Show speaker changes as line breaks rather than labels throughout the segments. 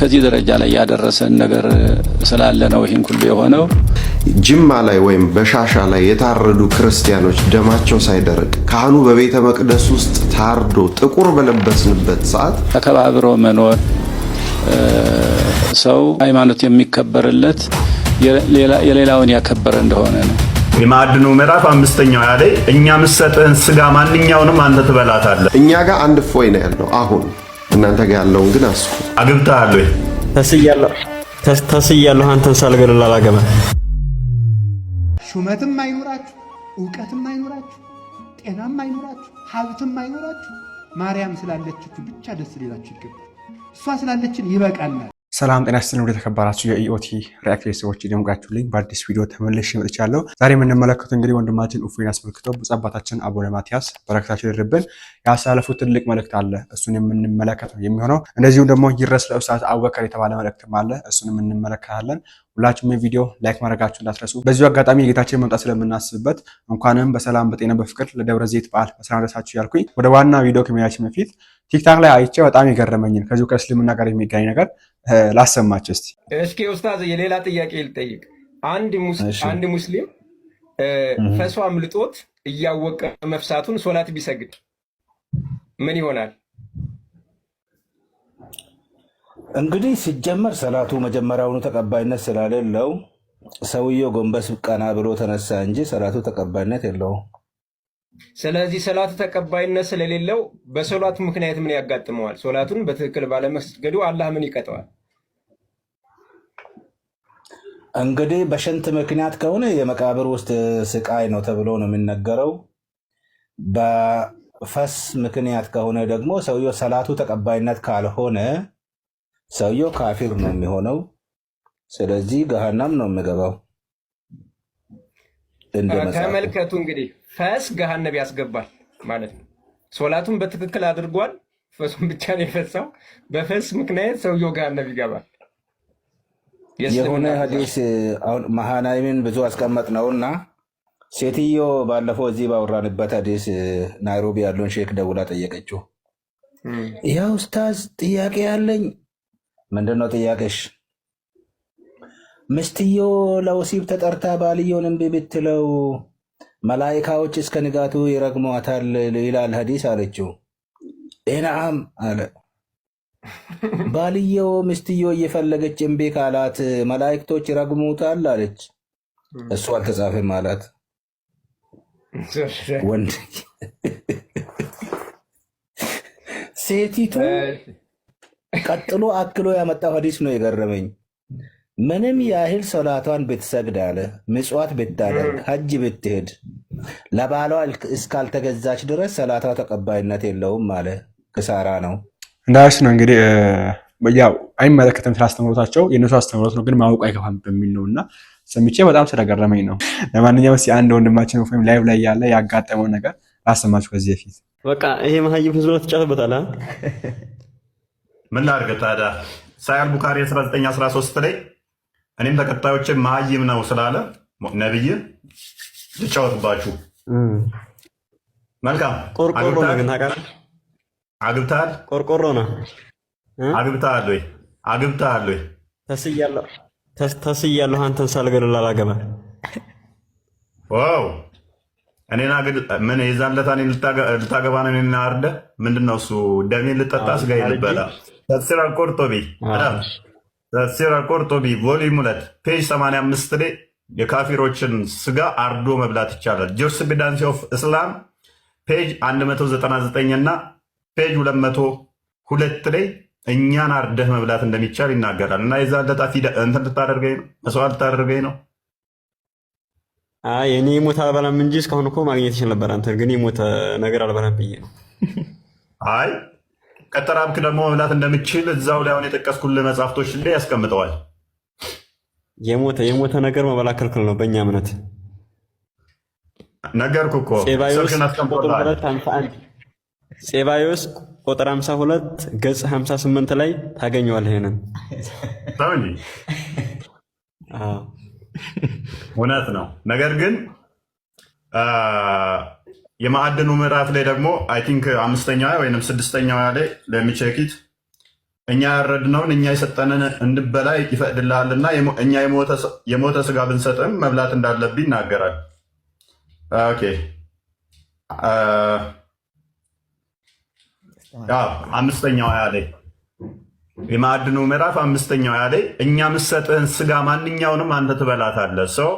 ከዚህ ደረጃ ላይ ያደረሰን ነገር ስላለ ነው ይህን ሁሉ የሆነው።
ጅማ ላይ ወይም በሻሻ ላይ የታረዱ ክርስቲያኖች ደማቸው ሳይደርቅ ካህኑ በቤተ መቅደስ ውስጥ ታርዶ ጥቁር በለበስንበት ሰዓት
ተከባብሮ መኖር ሰው ሃይማኖት የሚከበርለት የሌላውን ያከበረ እንደሆነ ነው።
የማዕድኑ ምዕራፍ አምስተኛው ያለ እኛ ምሰጥህን ስጋ ማንኛውንም አንተ ትበላታለህ። እኛ ጋር አንድ እፎይ ነው ያለው አሁን እናንተ ጋር ያለውን ግን አስቡ። አግብተሃል ወይ?
ተስያለሁ ተስያለሁ። አንተን ሳልገድል አላገባም። ሹመትም አይኖራችሁ፣ እውቀትም አይኖራችሁ፣ ጤናም አይኖራችሁ፣ ሀብትም አይኖራችሁ። ማርያም ስላለችችሁ ብቻ ደስ ሌላችሁ ይገባል። እሷ ስላለችን ይበቃናል።
ሰላም ጤና ስጥልን። ወደ ተከበራችሁ የኢኦቲ ሪአክት ቤተሰቦች ደምቃችሁልኝ በአዲስ ቪዲዮ ተመልሼ መጥቻለሁ። ዛሬ የምንመለከቱ እንግዲህ ወንድማችን እፎይን አስመልክቶ ብፁዕ አባታችን አቡነ ማትያስ በረከታቸው ይደርብን ያሳለፉት ትልቅ መልእክት አለ። እሱን የምንመለከት ነው የሚሆነው። እንደዚሁም ደግሞ ይድረስ ለኡስታዝ አቡበከር የተባለ መልእክትም አለ። እሱን የምንመለከታለን። ሁላችሁም የቪዲዮ ላይክ ማድረጋችሁ እንዳትረሱ። በዚሁ አጋጣሚ የጌታችን መምጣት ስለምናስብበት እንኳንም በሰላም በጤና በፍቅር ለደብረ ዘይት በዓል በሰላም ደረሳችሁ ያልኩኝ ወደ ዋና ቪዲዮ ከመሄዳችን በፊት ቲክታክ ላይ አይቼ በጣም የገረመኝን ከዚሁ ከእስልምና ጋር የሚገናኝ ነገር ላሰማቸው እስቲ።
እስኪ ኡስታዝ የሌላ ጥያቄ ልጠይቅ። አንድ ሙስሊም ፈሷ አምልጦት እያወቀ መፍሳቱን ሶላት ቢሰግድ ምን ይሆናል?
እንግዲህ ሲጀመር ሰላቱ መጀመሪያውኑ ተቀባይነት ስለሌለው ሰውየው ጎንበስ ቀና ብሎ ተነሳ እንጂ ሰላቱ ተቀባይነት የለውም።
ስለዚህ ሰላቱ ተቀባይነት ስለሌለው በሶላቱ ምክንያት ምን ያጋጥመዋል? ሶላቱን በትክክል ባለመስገዱ አላህ ምን ይቀጠዋል?
እንግዲህ በሽንት ምክንያት ከሆነ የመቃብር ውስጥ ስቃይ ነው ተብሎ ነው የሚነገረው። በፈስ ምክንያት ከሆነ ደግሞ ሰውየው ሰላቱ ተቀባይነት ካልሆነ ሰውየው ካፊር ነው የሚሆነው። ስለዚህ ገሃናም ነው የሚገባው።
ተመልከቱ እንግዲህ ፈስ ገሃነብ ያስገባል ማለት ነው። ሶላቱን በትክክል አድርጓል። ፈሱን ብቻ ነው የፈሳው። በፈስ ምክንያት ሰውየው ገሃነብ ይገባል።
የሆነ ሐዲስ መሃናይምን ብዙ አስቀመጥ ነውና ሴትዮ ባለፈው እዚህ ባወራንበት ሐዲስ ናይሮቢ ያለውን ሼክ ደውላ ጠየቀችው። ያ ኡስታዝ ጥያቄ ያለኝ ምንድን ነው ጥያቄሽ? ምስትዮ ለወሲብ ተጠርታ ባልየውን እምቢ ብትለው መላይካዎች እስከ ንጋቱ ይረግሟታል ይላል ሀዲስ አለችው። ኤናአም አለ ባልየው ምስትዮ እየፈለገች እምቢ ካላት መላይክቶች ይረግሙታል አለች። እሱ አልተጻፈም አላት። ወንድ ሴቲቱ ቀጥሎ አክሎ ያመጣው ሀዲስ ነው የገረመኝ። ምንም ያህል ሰላቷን ብትሰግድ አለ ምጽዋት ብታደርግ ሀጅ ብትሄድ ለባሏ እስካልተገዛች ድረስ ሰላቷ ተቀባይነት የለውም አለ። ክሳራ ነው እንዳስ ነው እንግዲህ ያው አይመለከትም ስለ አስተምሮታቸው የእነሱ አስተምሮት ነው፣ ግን ማወቁ አይከፋም በሚል ነው እና ሰምቼ በጣም ስለገረመኝ ነው። ለማንኛውም እስኪ አንድ ወንድማችን ወይም ላይቭ ላይ ያለ ያጋጠመው ነገር ላሰማችሁ ከዚህ በፊት
በቃ ይሄ መሀይም ህዝብ ነው ትጫፍበታል።
ምን ላድርግ ታዲያ ሳያል ቡካሪ 1913 ላይ እኔም ተከታዮች መሀይም ነው ስላለ ነብይ ልጫወትባችሁ። መልካም ቆርቆሮ አግብተሃል፣ ቆርቆሮ ነው አግብተሃል ወይ አግብተሃል ወይ?
ተስያለሁ አንተን ሳልገልል አላገባ
ዋው እኔና ምን የዛን ዕለት ልታገባ ነው? እኔና ምንድን ነው እሱ? ደሜን ልጠጣ ስጋ ልበላ ተስራ ቆርጦ ቤ ተፍሲር አልቆርጡቢ ቮሊዩም ሁለት ፔጅ 85 ላይ የካፊሮችን ስጋ አርዶ መብላት ይቻላል። ቢዳንሲ ኦፍ እስላም ፔጅ 199 እና ፔጅ 202 ላይ እኛን አርደህ መብላት እንደሚቻል ይናገራል። እና የዛ ለታ ፊዳ እንትን ልታደርገኝ ነው፣ መስዋዕት ልታደርገኝ ነው።
እኔ የሞት አልበላም እንጂ እስካሁን እኮ ማግኘት ይችል ነበር። አንተ ግን የሞት ነገር አልበላም ብዬ ነው።
አይ ከተራብክ ደግሞ መብላት እንደምችል እዛው ላይ አሁን የጠቀስኩልህ መጽሐፍቶች ላይ ያስቀምጠዋል።
የሞተ የሞተ ነገር መበላ ክልክል ነው በእኛ እምነት። ነገርኩ እኮ ጼባዮስ ቁጥር 52 ገጽ 58 ላይ ታገኘዋለህ። ይሄንን
እውነት ነው ነገር ግን የማዕድኑ ምዕራፍ ላይ ደግሞ አይ ቲንክ አምስተኛዋ ወይም ስድስተኛ ላይ ለሚቸኪት እኛ ያረድነውን እኛ የሰጠንን እንድበላ ይፈቅድልሃልና እኛ የሞተ ስጋ ብንሰጥም መብላት እንዳለብ ይናገራል። ኦኬ አምስተኛው ያ ላይ የማዕድኑ ምዕራፍ አምስተኛው ያ ላይ እኛ ምሰጥህን ስጋ ማንኛውንም አንተ ትበላታለህ ሰው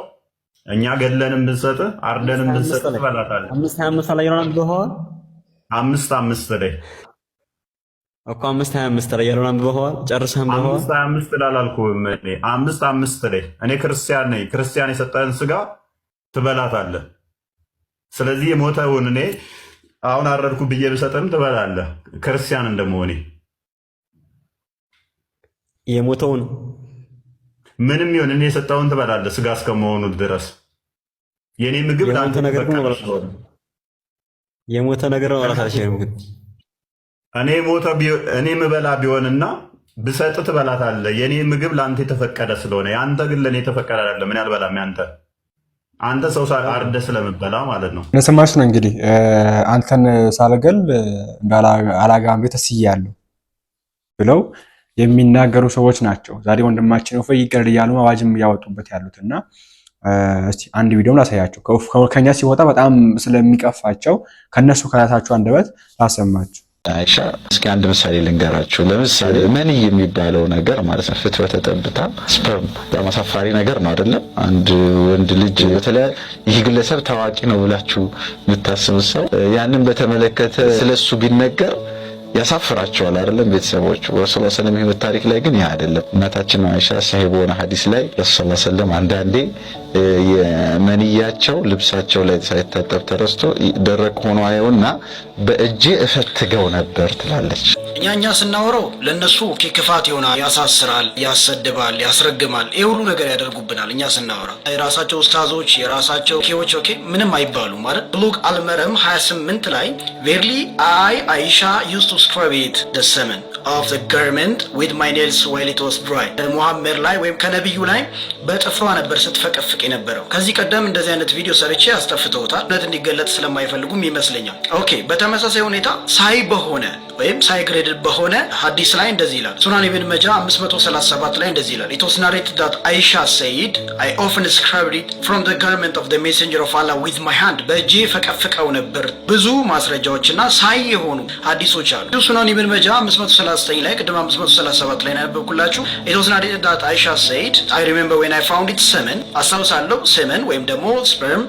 እኛ ገለንም ብንሰጥ አርደንም ብንሰጥ ትበላታለህ።
አምስት ሀያ አምስት ላይ ይሆናል ብሆን
አምስት አምስት ላይ
እኮ አምስት ሀያ አምስት ላይ ያልሆናል ብሆን ጨርሰህም ብሆን አምስት
ሀያ አምስት ላይ አላልኩህም። እኔ አምስት አምስት ላይ እኔ ክርስቲያን ነኝ። ክርስቲያን የሰጠህን ስጋ ትበላታለህ። ስለዚህ የሞተውን እኔ አሁን አረድኩ ብዬ ብሰጥም ትበላለህ። ክርስቲያን እንደመሆኔ የሞተውን ምንም ይሁን እኔ የሰጠውን ትበላለህ ስጋ እስከመሆኑ ድረስ የእኔ ምግብ የሞተ ነገር እኔ ምበላ ቢሆንና ብሰጥ ትበላታለህ። የእኔ ምግብ ለአንተ የተፈቀደ ስለሆነ የአንተ ግን ለእኔ የተፈቀደ አይደለም። ምን ያልበላም ያንተ አንተ ሰው አርደ ስለምበላ ማለት ነው። ለሰማሽ ነው እንግዲህ አንተን ሳልገል አላጋም ያለው ብለው የሚናገሩ ሰዎች ናቸው። ዛሬ ወንድማችን እፎይ ይቅር እያሉ አዋጅም እያወጡበት ያሉት እና እስቲ አንድ ቪዲዮም ላሳያቸው ከኛ ሲወጣ በጣም ስለሚቀፋቸው ከነሱ ከራሳቸው አንደበት ላሰማችሁ። አይሻ እስኪ አንድ ምሳሌ ልንገራችሁ። ለምሳሌ መኒ የሚባለው ነገር ማለት ነው፣ ፍትወ ተጠብታ ስፐርም በጣም አሳፋሪ ነገር ነው አይደለም? አንድ ወንድ ልጅ በተለይ ይህ ግለሰብ ታዋቂ ነው ብላችሁ የምታስቡት ሰው ያንን በተመለከተ ስለሱ ቢነገር ያሳፍራቸዋል አይደለም ቤተሰቦች። ረሱል ሰለም ህይወት ታሪክ ላይ ግን ይህ አይደለም። እናታችን አይሻ ሲሄ በሆነ ሀዲስ ላይ ረሱል ሰለም አንዳንዴ የመንያቸው ልብሳቸው ላይ ሳይታጠብ ተረስቶ ደረቅ ሆኖ አየውና በእጄ እፈትገው ነበር ትላለች።
እኛ እኛ ስናወረው ለእነሱ ክፋት ይሆናል፣ ያሳስራል፣ ያሰድባል፣ ያስረግማል፣ ይህ ሁሉ ነገር ያደርጉብናል። እኛ ስናወራ የራሳቸው ኡስታዞች የራሳቸው ኬዎች ኦኬ ምንም አይባሉ ማለት ብሎግ አልመረም 28 ላይ ቬርሊ አይ አይሻ ዩስቱ ስክራቤት ደሰመን ኦፍ ዘ ገርመንት ዊዝ ማይ ኔልስ ዋይል ኢት ዋዝ ድራይ ሙሐመድ ላይ ወይም ከነቢዩ ላይ በጥፍሯ ነበር ስትፈቀፍቅ የነበረው። ከዚህ ቀደም እንደዚህ አይነት ቪዲዮ ሰርቼ አስጠፍተውታል። እውነት እንዲገለጥ ስለማይፈልጉም ይመስለኛል። ኦኬ። በተመሳሳይ ሁኔታ ሳይ በሆነ ወይም ሳይ በሆነ ሀዲስ ላይ እንደዚህ ይላል። ሱናን ኢብን መጃ 537 ላይ እንደዚህ ይላል። ኢት ዋዝ ናሬትድ ዳት አይሻ ሰይድ አይ ኦፍን ስክራብድ ኢት ፍሮም ዘ ጋርመንት ኦፍ ዘ ሜሴንጀር ኦፍ አላህ ዊዝ ማይ ሃንድ በእጄ ፈቀፍቀው ነበር። ብዙ ማስረጃዎችና ሳይ የሆኑ ሀዲሶች አሉ። ሱናን ኢብን መጃ 539 ላይ ቅድም 537 ላይ ያነበብኩላችሁ የተወስና ዳት አይሻ ሰይድ አይ ሪሜምበር ዌን አይ ፋውንድ ኢት ሰመን አስታውሳለሁ ሰመን ወይም ደግሞ ስፐርም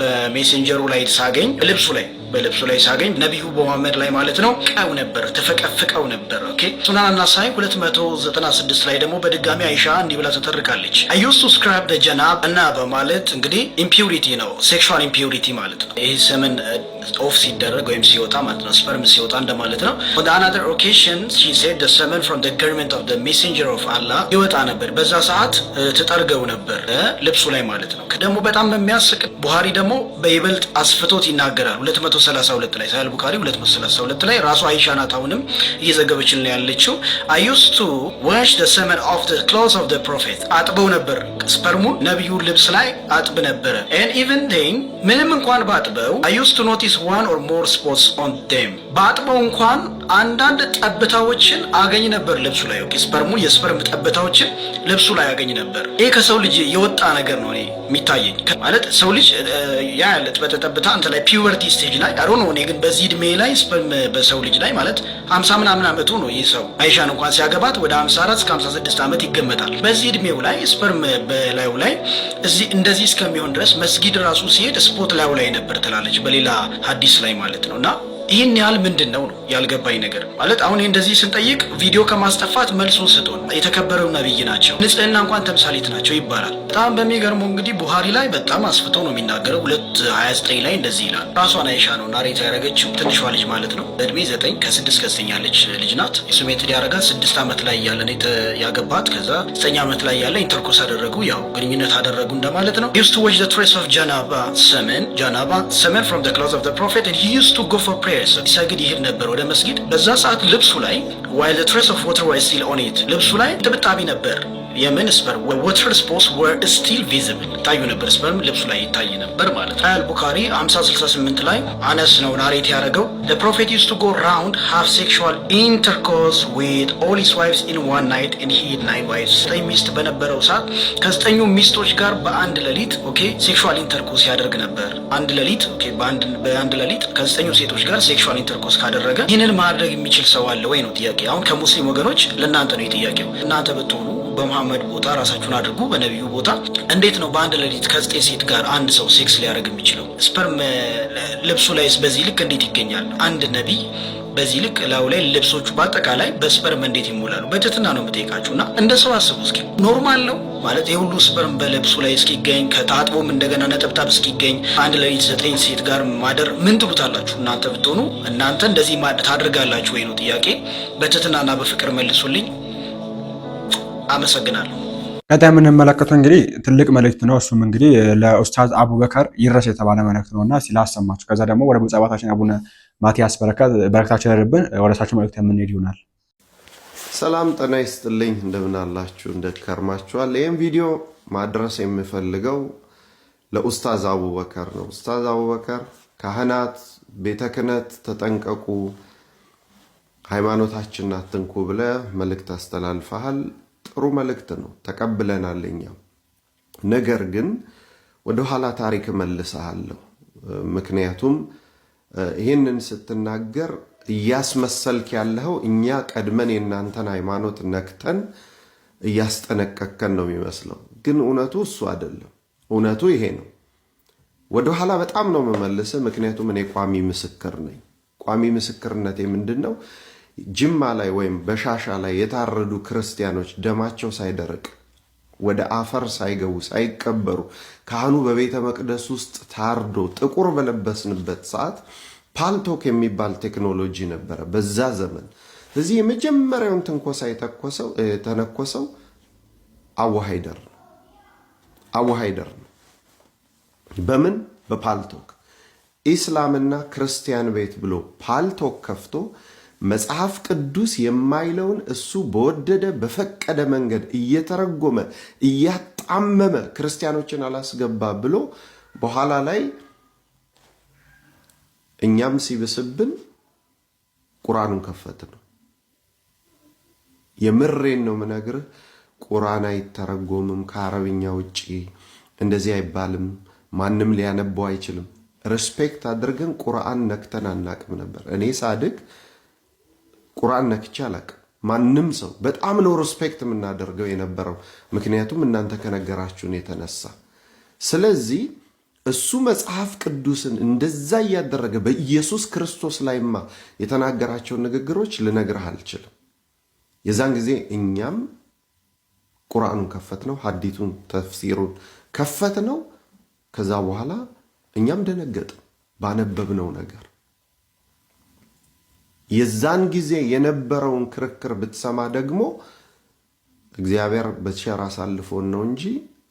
በሜሴንጀሩ ላይ ሳገኝ ልብሱ ላይ በልብሱ ላይ ሳገኝ ነቢዩ መሐመድ ላይ ማለት ነው ቀው ነበር ተፈቀፍቀው ነበር። ኦኬ ሱናን አናሳይ 296 ላይ ደግሞ በድጋሚ አይሻ እንዲህ ብላ ተተርካለች። አይ ዩስ ቱ ደ ጀናብ እና በማለት እንግዲህ ኢምፒውሪቲ ነው ሴክሹዋል ኢምፒውሪቲ ማለት ነው። ይህ ስምን ኦፍ uh, ሲደረግ ወይም ሲወጣ ማለት ነው ስፐርም ሲወጣ እንደማለት ነው። ኦን ኦኬሽን ሺ ሴድ ደ ሰመን ፍሮም ደ ገርመንት ኦፍ ደ ሜሴንጀር ኦፍ አላህ ይወጣ ነበር። በዛ ሰዓት ትጠርገው uh, ነበር uh, ልብሱ ላይ ማለት ነው። ደግሞ በጣም በሚያስቅ ቡሃሪ ደግሞ በይበልጥ አስፍቶት ይናገራል 2 232 ላይ ሳሂህ ቡካሪ 232 ላይ ራሱ አይሻ ናት አሁንም እየዘገበችልን ያለችው አይ ዩዝ ቱ ዋሽ ዘ ሰመን ኦፍ ዘ ክሎዝ ኦፍ ዘ ፕሮፌት አጥበው ነበር፣ ስፐርሙን ነቢዩ ልብስ ላይ አጥብ ነበረ። ኤን ኢቨን ቴን ምንም እንኳን ባጥበው አይ ዩዝ ቱ ኖቲስ ዋን ኦር ሞር ስፖትስ ኦን ዴም ባጥበው እንኳን አንዳንድ ጠብታዎችን አገኝ ነበር ልብሱ ላይ ስፐርሙ የስፐርም ጠብታዎችን ልብሱ ላይ አገኝ ነበር። ይህ ከሰው ልጅ የወጣ ነገር ነው የሚታየኝ ማለት ሰው ልጅ ያ ያለ ጠብታ አንተ ላይ ፒዩበርቲ ስቴጅ ላይ አይዶን ነው። እኔ ግን በዚህ እድሜ ላይ ስፐርም በሰው ልጅ ላይ ማለት ሀምሳ ምናምን አመቱ ነው ይህ ሰው። አይሻን እንኳን ሲያገባት ወደ ሀምሳ አራት እስከ ሀምሳ ስድስት ዓመት ይገመታል። በዚህ እድሜው ላይ ስፐርም በላዩ ላይ እዚህ እንደዚህ እስከሚሆን ድረስ መስጊድ ራሱ ሲሄድ ስፖት ላዩ ላይ ነበር ትላለች፣ በሌላ ሀዲስ ላይ ማለት ነው እና ይህን ያህል ምንድን ነው ነው ያልገባኝ ነገር ማለት አሁን እንደዚህ ስንጠይቅ ቪዲዮ ከማስጠፋት መልሱን ስጡን። የተከበረው ነቢይ ናቸው፣ ንጽህና እንኳን ተምሳሌት ናቸው ይባላል። በጣም በሚገርመው እንግዲህ ቡሃሪ ላይ በጣም አስፍቶ ነው የሚናገረው። ሁለት ሀያ ዘጠኝ ላይ እንደዚህ ይላል። ራሷን አይሻ ነው ናሬት ያደረገችው ትንሿ ልጅ ማለት ነው። እድሜ ዘጠኝ ከስድስት ከዘጠኝ ያለች ልጅ ናት። የሱሜት ሊያረጋት ስድስት ዓመት ላይ እያለ ያገባት፣ ከዛ ዘጠኝ ዓመት ላይ ያለ ኢንተርኮስ አደረጉ፣ ያው ግንኙነት አደረጉ እንደማለት ነው። ዩስ ቱ ዋች ዘ ትሬስ ኦፍ ጃናባ ሰመን ጃናባ ሰመን ፍሮም ዘ ክሎዝ ኦፍ ዘ ፕሮፌት ዩስ ቱ ጎ ፎር ፕሬየር ድሬስ ሲሰግድ ይሄድ ነበር ወደ መስጊድ። በዛ ሰዓት ልብሱ ላይ ዋይል ትሬስ ኦፍ ወተር ዋይ ሲል ኦን ኢት ልብሱ ላይ ጥብጣቢ ነበር። የመን ስፐርም ወተር ስፖርስ ወር ስቲል ቪዝብል ይታዩ ነበር። ስፐርም ልብሱ ላይ ይታይ ነበር ማለት ነው። ራያል ቡካሪ 5068 ላይ አነስ ነው ናሬት ያደረገው ፕሮፌት ዩስ ቱ ጎ ራውንድ ሃቭ ሴክሹዋል ኢንተርኮርስ ዊት ኦል ሂዝ ዋይቭስ ኢን ዋን ናይት ኢን ሂድ ናይን ዋይቭስ ዘጠኝ ሚስት በነበረው ሰዓት ከዘጠኙ ሚስቶች ጋር በአንድ ሌሊት ኦኬ ሴክሹዋል ኢንተርኮርስ ያደርግ ነበር። አንድ ሌሊት ኦኬ በአንድ ሌሊት ከዘጠኙ ሴቶች ጋር ሴክሹዋል ኢንተርኮርስ ካደረገ ይህንን ማድረግ የሚችል ሰው አለ ወይ ነው ጥያቄ። አሁን ከሙስሊም ወገኖች ለእናንተ ነው የጥያቄው። እናንተ ብትሆኑ በመሐመድ ቦታ ራሳችሁን አድርጉ፣ በነቢዩ ቦታ። እንዴት ነው በአንድ ሌሊት ከዘጠኝ ሴት ጋር አንድ ሰው ሴክስ ሊያደርግ የሚችለው? ስፐርም ልብሱ ላይስ በዚህ ልክ እንዴት ይገኛል? አንድ ነቢይ በዚህ ልክ ላዩ ላይ ልብሶቹ በአጠቃላይ በስፐርም እንዴት ይሞላሉ? በትህትና ነው የምጠይቃችሁ እና እንደ ሰው አስቡ እስኪ። ኖርማል ነው ማለት የሁሉ ስፐርም በልብሱ ላይ እስኪገኝ ከታጥቦም እንደገና ነጠብጣብ እስኪገኝ አንድ ሌሊት ዘጠኝ ሴት ጋር ማደር ምን ትሉታላችሁ? እናንተ ብትሆኑ እናንተ እንደዚህ ታደርጋላችሁ ወይ ነው ጥያቄ። በትህትናና በፍቅር መልሱልኝ። አመሰግናለሁ።
ቀጣይ የምንመለከተው እንግዲህ ትልቅ መልእክት ነው። እሱም እንግዲህ ለኡስታዝ አቡበከር ይረስ የተባለ መልእክት ነው እና ሲላሰማችሁ ከዛ ደግሞ ወደ ብፁዕ አባታችን አቡነ ማትያስ በረከታቸው ያደርብን ወደ እሳቸው መልእክት የምንሄድ ይሆናል። ሰላም ጤና ይስጥልኝ። እንደምናላችሁ አላችሁ? ይህም ቪዲዮ ማድረስ የምፈልገው ለኡስታዝ አቡበከር ነው። ኡስታዝ አቡበከር ካህናት፣ ቤተ ክህነት ተጠንቀቁ፣ ሃይማኖታችን አትንኩ ብለ መልእክት አስተላልፈሃል። ጥሩ መልእክት ነው፣ ተቀብለናል እኛም። ነገር ግን ወደኋላ ታሪክ መልሰሃለሁ። ምክንያቱም ይህንን ስትናገር እያስመሰልክ ያለኸው እኛ ቀድመን የእናንተን ሃይማኖት ነክተን እያስጠነቀከን ነው የሚመስለው። ግን እውነቱ እሱ አይደለም። እውነቱ ይሄ ነው። ወደኋላ በጣም ነው የምመልስህ፣ ምክንያቱም እኔ ቋሚ ምስክር ነኝ። ቋሚ ምስክርነቴ ምንድን ነው? ጅማ ላይ ወይም በሻሻ ላይ የታረዱ ክርስቲያኖች ደማቸው ሳይደርቅ ወደ አፈር ሳይገቡ ሳይቀበሩ ካህኑ በቤተ መቅደስ ውስጥ ታርዶ ጥቁር በለበስንበት ሰዓት ፓልቶክ የሚባል ቴክኖሎጂ ነበረ በዛ ዘመን። እዚህ የመጀመሪያውን ትንኮሳ የተነኮሰው አዋሃይደር ነው። አዋሃይደር ነው። በምን በፓልቶክ ኢስላምና ክርስቲያን ቤት ብሎ ፓልቶክ ከፍቶ መጽሐፍ ቅዱስ የማይለውን እሱ በወደደ በፈቀደ መንገድ እየተረጎመ እያጣመመ ክርስቲያኖችን አላስገባ ብሎ በኋላ ላይ እኛም ሲብስብን ቁራኑን ከፈት ነው። የምሬን ነው ምነግርህ። ቁራን አይተረጎምም ከአረብኛ ውጭ እንደዚህ አይባልም። ማንም ሊያነበው አይችልም። ሬስፔክት አድርገን ቁርአን ነክተን አናቅም ነበር እኔ ሳድግ ቁርአን ነክቼ አላቅም። ማንም ሰው በጣም ነው ሪስፔክት የምናደርገው የነበረው፣ ምክንያቱም እናንተ ከነገራችሁን የተነሳ ስለዚህ እሱ መጽሐፍ ቅዱስን እንደዛ እያደረገ በኢየሱስ ክርስቶስ ላይማ የተናገራቸውን ንግግሮች ልነግርህ አልችልም። የዛን ጊዜ እኛም ቁርአኑን ከፈት ነው፣ ሀዲቱን ተፍሲሩን ከፈት ነው። ከዛ በኋላ እኛም ደነገጥ ባነበብነው ነገር የዛን ጊዜ የነበረውን ክርክር ብትሰማ ደግሞ እግዚአብሔር በቸር አሳልፎን ነው እንጂ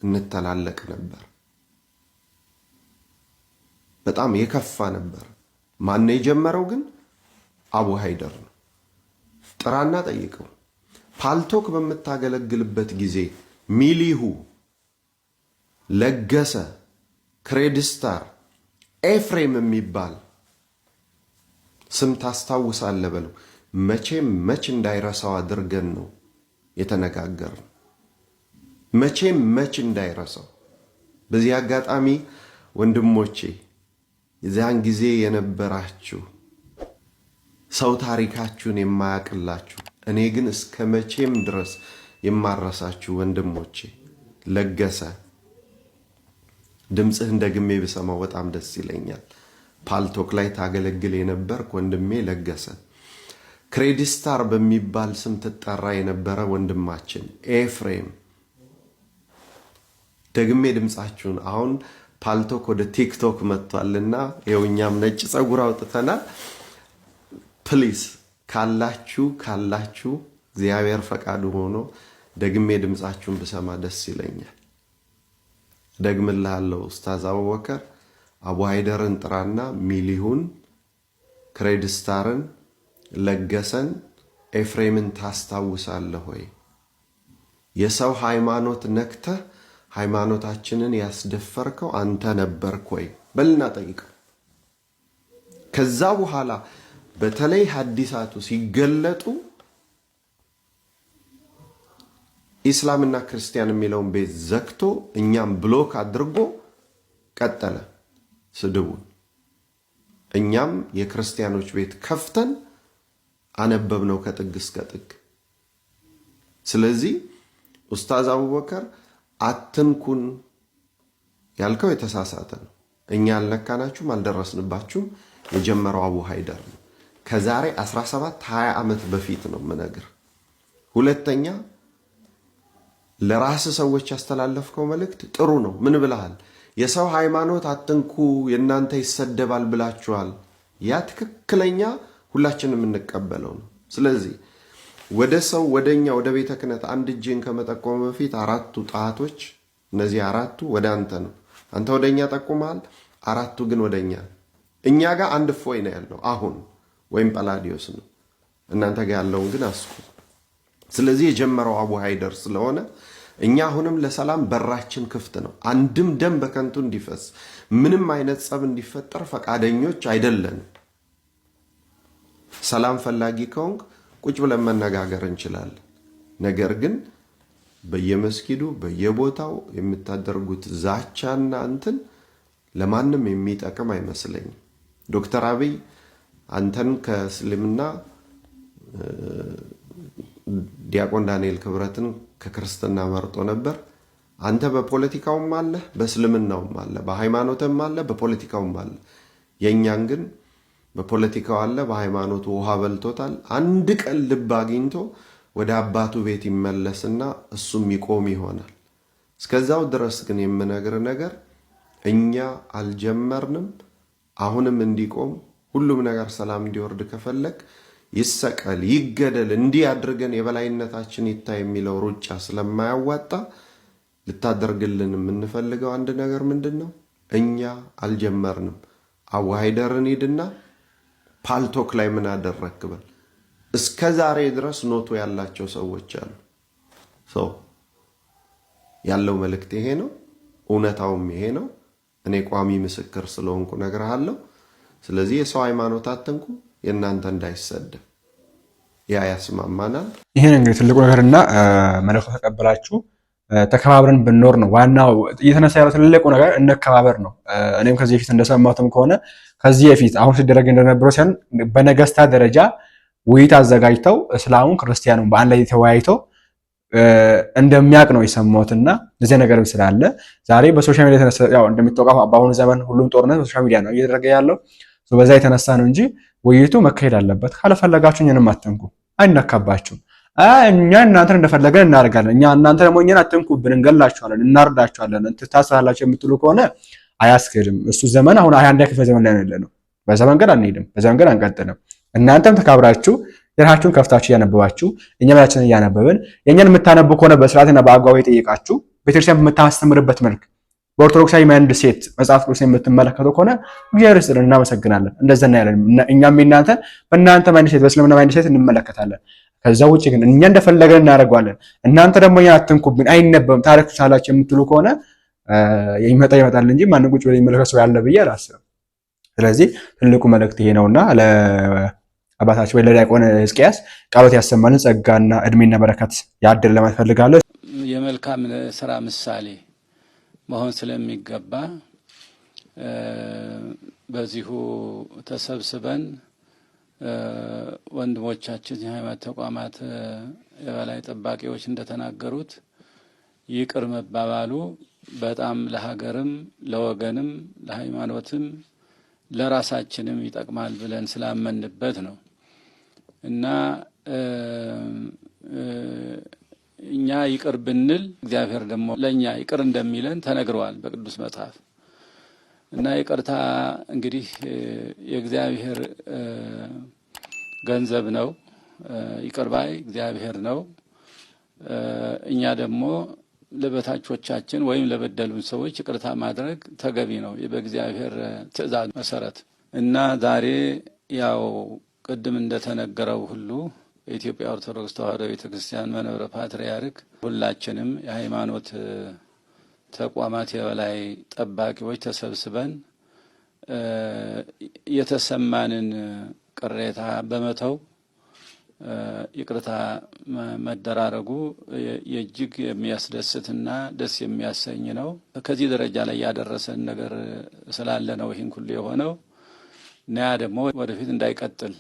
እንተላለቅ ነበር። በጣም የከፋ ነበር። ማነው የጀመረው ግን? አቡ ሃይደር ነው። ጥራና ጠይቀው። ፓልቶክ በምታገለግልበት ጊዜ ሚሊሁ፣ ለገሰ፣ ክሬድስታር፣ ኤፍሬም የሚባል ስም ታስታውሳለ በለው። መቼም መች እንዳይረሳው አድርገን ነው የተነጋገር። መቼም መች እንዳይረሳው። በዚህ አጋጣሚ ወንድሞቼ የዚያን ጊዜ የነበራችሁ ሰው ታሪካችሁን የማያቅላችሁ እኔ ግን እስከ መቼም ድረስ የማረሳችሁ ወንድሞቼ ለገሰ ድምፅህን ደግሜ ብሰማው በጣም ደስ ይለኛል። ፓልቶክ ላይ ታገለግል የነበር ወንድሜ ለገሰ፣ ክሬዲስታር በሚባል ስም ትጠራ የነበረ ወንድማችን ኤፍሬም፣ ደግሜ ድምፃችሁን አሁን ፓልቶክ ወደ ቲክቶክ መጥቷልና የውኛም ነጭ ፀጉር አውጥተናል። ፕሊስ ካላችሁ ካላችሁ እግዚአብሔር ፈቃዱ ሆኖ ደግሜ ድምፃችሁን ብሰማ ደስ ይለኛል። ደግምልሃለሁ ኡስታዝ አቡበከር አቡሃይደርን ጥራና ሚሊሁን፣ ክሬድስታርን፣ ለገሰን፣ ኤፍሬምን ታስታውሳለህ ሆይ የሰው ሃይማኖት ነክተህ ሃይማኖታችንን ያስደፈርከው አንተ ነበርክ ወይ በልና ጠይቀው። ከዛ በኋላ በተለይ ሐዲሳቱ ሲገለጡ ኢስላምና ክርስቲያን የሚለውን ቤት ዘግቶ እኛም ብሎክ አድርጎ ቀጠለ። ስድቡን። እኛም የክርስቲያኖች ቤት ከፍተን አነበብነው ከጥግ እስከ ጥግ። ስለዚህ ኡስታዝ አቡበከር አትንኩን ያልከው የተሳሳተ ነው። እኛ አልነካናችሁም፣ አልደረስንባችሁም። የጀመረው አቡ ሀይደር ነው። ከዛሬ 17 20 ዓመት በፊት ነው ምነግር። ሁለተኛ ለራስ ሰዎች ያስተላለፍከው መልእክት ጥሩ ነው። ምን ብለሃል? የሰው ሃይማኖት አትንኩ፣ የእናንተ ይሰደባል ብላችኋል። ያ ትክክለኛ ሁላችን የምንቀበለው ነው። ስለዚህ ወደ ሰው ወደ እኛ ወደ ቤተ ክህነት አንድ እጅን ከመጠቆመ በፊት አራቱ ጣቶች እነዚህ አራቱ ወደ አንተ ነው። አንተ ወደ እኛ ጠቁመሃል። አራቱ ግን ወደ እኛ እኛ ጋር አንድ ፎይ ነው ያለው አሁን ወይም ጳላዲዮስ ነው። እናንተ ጋር ያለውን ግን አስቁ። ስለዚህ የጀመረው አቡ ሃይደር ስለሆነ እኛ አሁንም ለሰላም በራችን ክፍት ነው። አንድም ደም በከንቱ እንዲፈስ፣ ምንም አይነት ጸብ እንዲፈጠር ፈቃደኞች አይደለን። ሰላም ፈላጊ ከሆንክ ቁጭ ብለን መነጋገር እንችላለን። ነገር ግን በየመስጊዱ በየቦታው የምታደርጉት ዛቻና እንትን ለማንም የሚጠቅም አይመስለኝም። ዶክተር አብይ አንተን ከእስልምና ዲያቆን ዳንኤል ክብረትን ከክርስትና መርጦ ነበር። አንተ በፖለቲካውም አለ፣ በእስልምናውም አለ፣ በሃይማኖትም አለ፣ በፖለቲካውም አለ። የእኛን ግን በፖለቲካው አለ፣ በሃይማኖቱ ውሃ በልቶታል። አንድ ቀን ልብ አግኝቶ ወደ አባቱ ቤት ይመለስና እሱም ይቆም ይሆናል። እስከዛው ድረስ ግን የምነግር ነገር እኛ አልጀመርንም። አሁንም እንዲቆም ሁሉም ነገር ሰላም እንዲወርድ ከፈለግ ይሰቀል፣ ይገደል፣ እንዲህ አድርገን የበላይነታችን ይታይ የሚለው ሩጫ ስለማያዋጣ ልታደርግልን የምንፈልገው አንድ ነገር ምንድን ነው? እኛ አልጀመርንም። አዋሃይደርን ሂድና ፓልቶክ ላይ ምን አደረክበል። እስከ ዛሬ ድረስ ኖቶ ያላቸው ሰዎች አሉ። ሰው ያለው መልእክት ይሄ ነው። እውነታውም ይሄ ነው። እኔ ቋሚ ምስክር ስለሆንኩ ነግርሃለሁ። ስለዚህ የሰው ሃይማኖት አትንኩ። የእናንተ እንዳይሰደብ ያ ያስማማናል። ይሄን እንግዲህ ትልቁ ነገርና መልእክቱ ተቀበላችሁ ተከባብረን ብንኖር ነው ዋናው እየተነሳ ያለው ትልቁ ነገር እንከባበር ነው። እኔም ከዚህ በፊት እንደሰማሁትም ከሆነ ከዚህ በፊት አሁን ሲደረግ እንደነበረው ሲሆን በነገስታት ደረጃ ውይይት አዘጋጅተው እስላሙን ክርስቲያኑ በአንድ ላይ ተወያይተው እንደሚያውቅ ነው የሰማትና እዚህ ነገርም ስላለ ዛሬ በሶሻል ሚዲያ እንደሚታወቀው በአሁኑ ዘመን ሁሉም ጦርነት በሶሻል ሚዲያ ነው እየተደረገ ያለው በዛ የተነሳ ነው እንጂ ውይይቱ መካሄድ አለበት። ካለፈለጋችሁ እኛንም አትንኩ፣ አይነካባችሁም። እኛ እናንተን እንደፈለገን እናደርጋለን። እኛ እናንተ ደግሞ እኛን አትንኩብን፣ እንገላችኋለን፣ እናርዳችኋለን፣ ትታሰራላችሁ የምትሉ ከሆነ አያስኬድም። እሱ ዘመን አሁን ሀያ አንድ ክፍለ ዘመን ላይ ነው በዛ መንገድ አንሄድም፣ በዛ መንገድ አንቀጥልም። እናንተም ተካብራችሁ የራሳችሁን ከፍታችሁ እያነበባችሁ እኛ መላችን እያነበብን የእኛን የምታነቡ ከሆነ በስርዓትና በአግባቡ የጠየቃችሁ ቤተክርስቲያን በምታስተምርበት መልክ በኦርቶዶክሳዊ መንድ ሴት መጽሐፍ ቅዱስ የምትመለከተው ከሆነ እግዚአብሔር ይስጥልን፣ እናመሰግናለን። እንደዛ ያለን እኛም እናንተ በእናንተ መንድ ሴት፣ በእስልምና መንድ ሴት እንመለከታለን። ከዛ ውጭ ግን እኛ እንደፈለገን እናደርገዋለን። እናንተ ደግሞ ያ አትንኩብን፣ አይነበብም፣ ታሪክ ሳላችሁ የምትሉ ከሆነ ይመጣ ይመጣል እንጂ ማንም ቁጭ ብሎ የሚመለከት ሰው ያለ ብዬ አላስብም። ስለዚህ ትልቁ መልእክት ይሄ ነውና ለአባታችን ወይ ለዲያቆን ሕዝቅያስ ቃሎት ያሰማልን ጸጋና እድሜና በረከት ያድር ለማለት ፈልጋለሁ።
የመልካም ስራ ምሳሌ መሆን ስለሚገባ በዚሁ ተሰብስበን ወንድሞቻችን የሃይማኖት ተቋማት የበላይ ጠባቂዎች እንደተናገሩት ይቅር መባባሉ በጣም ለሀገርም ለወገንም ለሃይማኖትም ለራሳችንም ይጠቅማል ብለን ስላመንበት ነው እና እኛ ይቅር ብንል እግዚአብሔር ደግሞ ለእኛ ይቅር እንደሚለን ተነግረዋል በቅዱስ መጽሐፍ እና ይቅርታ እንግዲህ የእግዚአብሔር ገንዘብ ነው። ይቅር ባይ እግዚአብሔር ነው። እኛ ደግሞ ለበታቾቻችን ወይም ለበደሉን ሰዎች ይቅርታ ማድረግ ተገቢ ነው በእግዚአብሔር ትእዛዝ መሰረት እና ዛሬ ያው ቅድም እንደተነገረው ሁሉ የኢትዮጵያ ኦርቶዶክስ ተዋሕዶ ቤተክርስቲያን መንበረ ፓትርያርክ ሁላችንም የሃይማኖት ተቋማት የበላይ ጠባቂዎች ተሰብስበን የተሰማንን ቅሬታ በመተው ይቅርታ መደራረጉ የእጅግ የሚያስደስትና ደስ የሚያሰኝ ነው። ከዚህ ደረጃ ላይ ያደረሰን ነገር ስላለ ነው ይህን ሁሉ የሆነው ናያ ደግሞ ወደፊት እንዳይቀጥል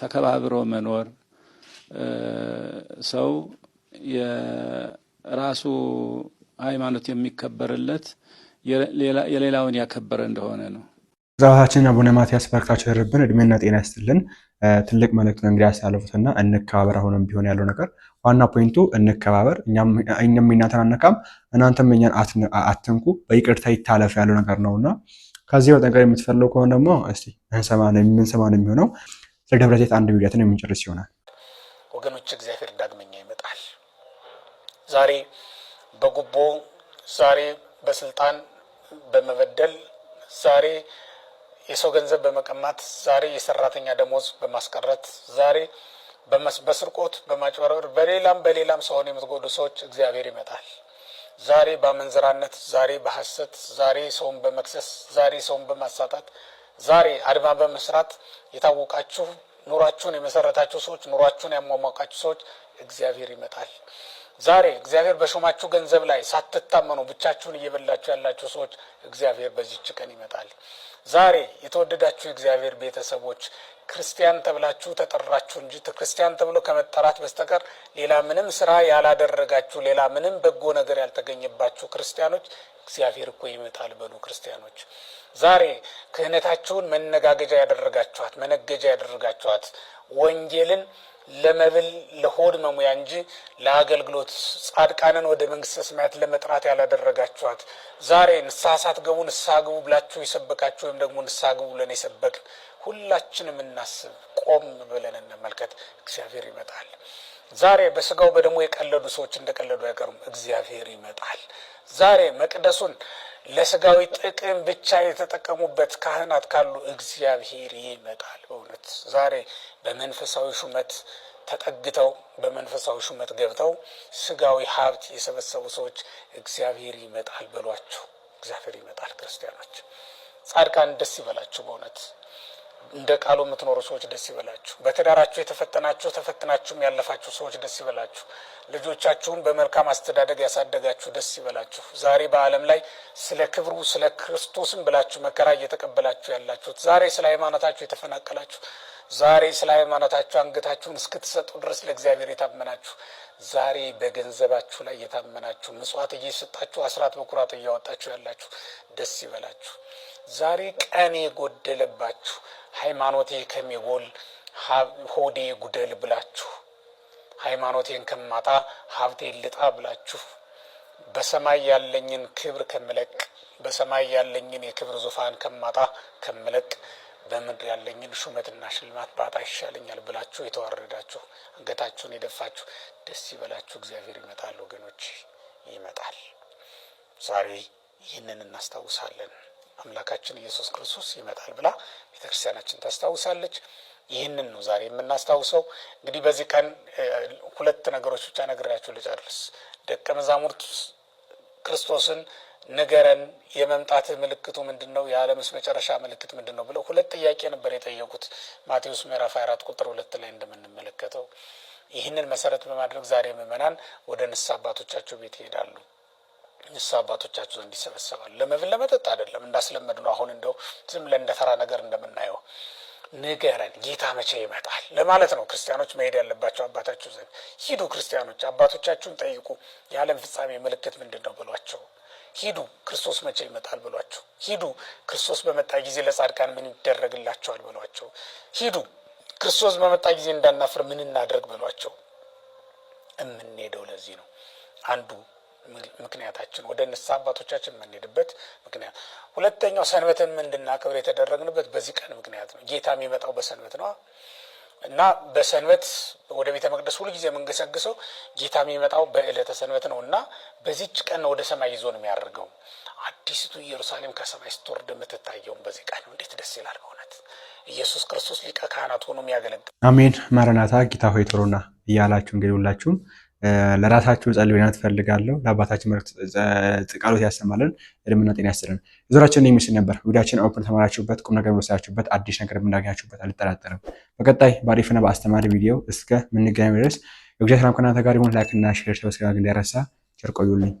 ተከባብሮ መኖር ሰው የራሱ ሃይማኖት የሚከበርለት የሌላውን ያከበረ እንደሆነ ነው።
ዛታችን አቡነ ማትያስ በርካቸው ይደርብን፣ እድሜና ጤና ይስጥልን። ትልቅ መልእክት ነው እንግዲህ ያሳለፉትና እንከባበር። አሁንም ቢሆን ያለው ነገር ዋና ፖይንቱ እንከባበር፣ እኛም እናንተን አነካም፣ እናንተም እኛን አትንኩ፣ በይቅርታ ይታለፍ ያለው ነገር ነውና ከዚህ ነገር የምትፈልገው ከሆነ ደግሞ እስቲ የምንሰማ ነው የሚሆነው። ስለ ዘይት አንድ ቢሊያትን የሚጨርስ ይሆናል።
ወገኖች እግዚአብሔር ዳግመኛ ይመጣል። ዛሬ በጉቦ ዛሬ በስልጣን በመበደል ዛሬ የሰው ገንዘብ በመቀማት ዛሬ የሰራተኛ ደሞዝ በማስቀረት ዛሬ በስርቆት በማጭበረበር በሌላም በሌላም ሰውን የምትጎዱ ሰዎች እግዚአብሔር ይመጣል። ዛሬ በአመንዝራነት ዛሬ በሐሰት ዛሬ ሰውን በመክሰስ ዛሬ ሰውን በማሳጣት ዛሬ አድማ በመስራት የታወቃችሁ ኑሯችሁን የመሰረታችሁ ሰዎች፣ ኑሯችሁን ያሟሟቃችሁ ሰዎች እግዚአብሔር ይመጣል። ዛሬ እግዚአብሔር በሾማችሁ ገንዘብ ላይ ሳትታመኑ ብቻችሁን እየበላችሁ ያላችሁ ሰዎች እግዚአብሔር በዚች ቀን ይመጣል። ዛሬ የተወደዳችሁ የእግዚአብሔር ቤተሰቦች ክርስቲያን ተብላችሁ ተጠራችሁ እንጂ ክርስቲያን ተብሎ ከመጠራት በስተቀር ሌላ ምንም ስራ ያላደረጋችሁ፣ ሌላ ምንም በጎ ነገር ያልተገኘባችሁ ክርስቲያኖች እግዚአብሔር እኮ ይመጣል በሉ ክርስቲያኖች ዛሬ ክህነታችሁን መነጋገጃ ያደረጋችኋት መነገጃ ያደረጋችኋት ወንጌልን ለመብል ለሆድ መሙያ እንጂ ለአገልግሎት ጻድቃንን ወደ መንግስተ ሰማያት ለመጥራት ያላደረጋችኋት ዛሬ ንስሐ ሳትገቡ ንስሐ ግቡ ብላችሁ የሰበካችሁ ወይም ደግሞ ንስሐ ግቡ ብለን የሰበክን ሁላችንም እናስብ፣ ቆም ብለን እንመልከት። እግዚአብሔር ይመጣል። ዛሬ በስጋው በደሙ የቀለዱ ሰዎች እንደቀለዱ አይቀሩም። እግዚአብሔር ይመጣል። ዛሬ መቅደሱን ለስጋዊ ጥቅም ብቻ የተጠቀሙበት ካህናት ካሉ እግዚአብሔር ይመጣል። በእውነት ዛሬ በመንፈሳዊ ሹመት ተጠግተው በመንፈሳዊ ሹመት ገብተው ስጋዊ ሀብት የሰበሰቡ ሰዎች እግዚአብሔር ይመጣል በሏቸው። እግዚአብሔር ይመጣል። ክርስቲያኖች ጻድቃን ደስ ይበላችሁ በእውነት እንደ ቃሉ የምትኖሩ ሰዎች ደስ ይበላችሁ። በትዳራችሁ የተፈተናችሁ ተፈትናችሁም ያለፋችሁ ሰዎች ደስ ይበላችሁ። ልጆቻችሁን በመልካም አስተዳደግ ያሳደጋችሁ ደስ ይበላችሁ። ዛሬ በዓለም ላይ ስለ ክብሩ ስለ ክርስቶስም ብላችሁ መከራ እየተቀበላችሁ ያላችሁት፣ ዛሬ ስለ ሃይማኖታችሁ የተፈናቀላችሁ፣ ዛሬ ስለ ሃይማኖታችሁ አንገታችሁን እስክትሰጡ ድረስ ለእግዚአብሔር የታመናችሁ፣ ዛሬ በገንዘባችሁ ላይ የታመናችሁ፣ ምጽዋት እየሰጣችሁ አስራት በኩራት እያወጣችሁ ያላችሁ ደስ ይበላችሁ። ዛሬ ቀን የጎደለባችሁ ሃይማኖቴ ከሚጎል ሆዴ ጉደል ብላችሁ ሃይማኖቴን ከማጣ ሀብቴን ልጣ ብላችሁ በሰማይ ያለኝን ክብር ከምለቅ በሰማይ ያለኝን የክብር ዙፋን ከማጣ ከምለቅ በምድር ያለኝን ሹመትና ሽልማት ባጣ ይሻለኛል ብላችሁ የተዋረዳችሁ አንገታችሁን የደፋችሁ ደስ ይበላችሁ። እግዚአብሔር ይመጣል፣ ወገኖች ይመጣል። ዛሬ ይህንን እናስታውሳለን። አምላካችን ኢየሱስ ክርስቶስ ይመጣል ብላ ቤተክርስቲያናችን ታስታውሳለች። ይህንን ነው ዛሬ የምናስታውሰው። እንግዲህ በዚህ ቀን ሁለት ነገሮች ብቻ ነግሬያችሁ ልጨርስ። ደቀ መዛሙርት ክርስቶስን ንገረን፣ የመምጣት ምልክቱ ምንድን ነው? የዓለምስ መጨረሻ ምልክት ምንድን ነው ብለው ሁለት ጥያቄ ነበር የጠየቁት ማቴዎስ ምዕራፍ 24 ቁጥር ሁለት ላይ እንደምንመለከተው። ይህንን መሰረት በማድረግ ዛሬ ምዕመናን ወደ ንስሐ አባቶቻቸው ቤት ይሄዳሉ። ንስ አባቶቻቸው ዘንድ ይሰበሰባል። ለመብል ለመጠጥ አይደለም እንዳስለመድ ነው። አሁን እንደው ዝም ለእንደተራ ነገር እንደምናየው ንገረን ጌታ መቼ ይመጣል ለማለት ነው ክርስቲያኖች መሄድ ያለባቸው አባታችሁ ዘንድ ሂዱ። ክርስቲያኖች አባቶቻችሁን ጠይቁ። የዓለም ፍጻሜ ምልክት ምንድን ነው ብሏቸው ሂዱ። ክርስቶስ መቼ ይመጣል ብሏቸው ሂዱ። ክርስቶስ በመጣ ጊዜ ለጻድቃን ምን ይደረግላቸዋል ብሏቸው ሂዱ። ክርስቶስ በመጣ ጊዜ እንዳናፍር ምን እናድርግ ብሏቸው። የምንሄደው ለዚህ ነው አንዱ ምክንያታችን ወደ ንስሐ አባቶቻችን የምንሄድበት ምክንያት። ሁለተኛው ሰንበትን እንድናከብር የተደረግንበት በዚህ ቀን ምክንያት ነው። ጌታ የሚመጣው በሰንበት ነው እና በሰንበት ወደ ቤተ መቅደስ ሁሉ ጊዜ የምንገሰግሰው ጌታ የሚመጣው በዕለተ ሰንበት ነው እና በዚች ቀን ነው ወደ ሰማይ ይዞን የሚያደርገው። አዲስቱ ኢየሩሳሌም ከሰማይ ስትወርድ የምትታየውን በዚህ ቀን እንዴት ደስ ይላል በእውነት ኢየሱስ ክርስቶስ ሊቀ ካህናት ሆኖ የሚያገለግል።
አሜን። ማረናታ ጌታ ሆይ ቶሎና እያላችሁ እንግዲህ ሁላችሁም ለራሳችሁ ጸልዩና ትፈልጋለሁ። ለአባታችን መልእክት ጥቃሎት ያሰማልን፣ እድሜና ጤና ያስጥልን። ዙራችን የሚስል ነበር ቪዲዮችን ኦፕን ተማራችሁበት፣ ቁም ነገር ወሰዳችሁበት፣ አዲስ ነገር እንዳገኛችሁበት አልጠራጠርም። በቀጣይ በአሪፍና በአስተማሪ ቪዲዮ እስከ ምንገናኝ ድረስ የእግዚአብሔር ሰላም ከእናንተ ጋር ይሁን። ላይክና ሼር ሰብስክራይብ እንዳይረሳ። ቸር ቆዩልኝ።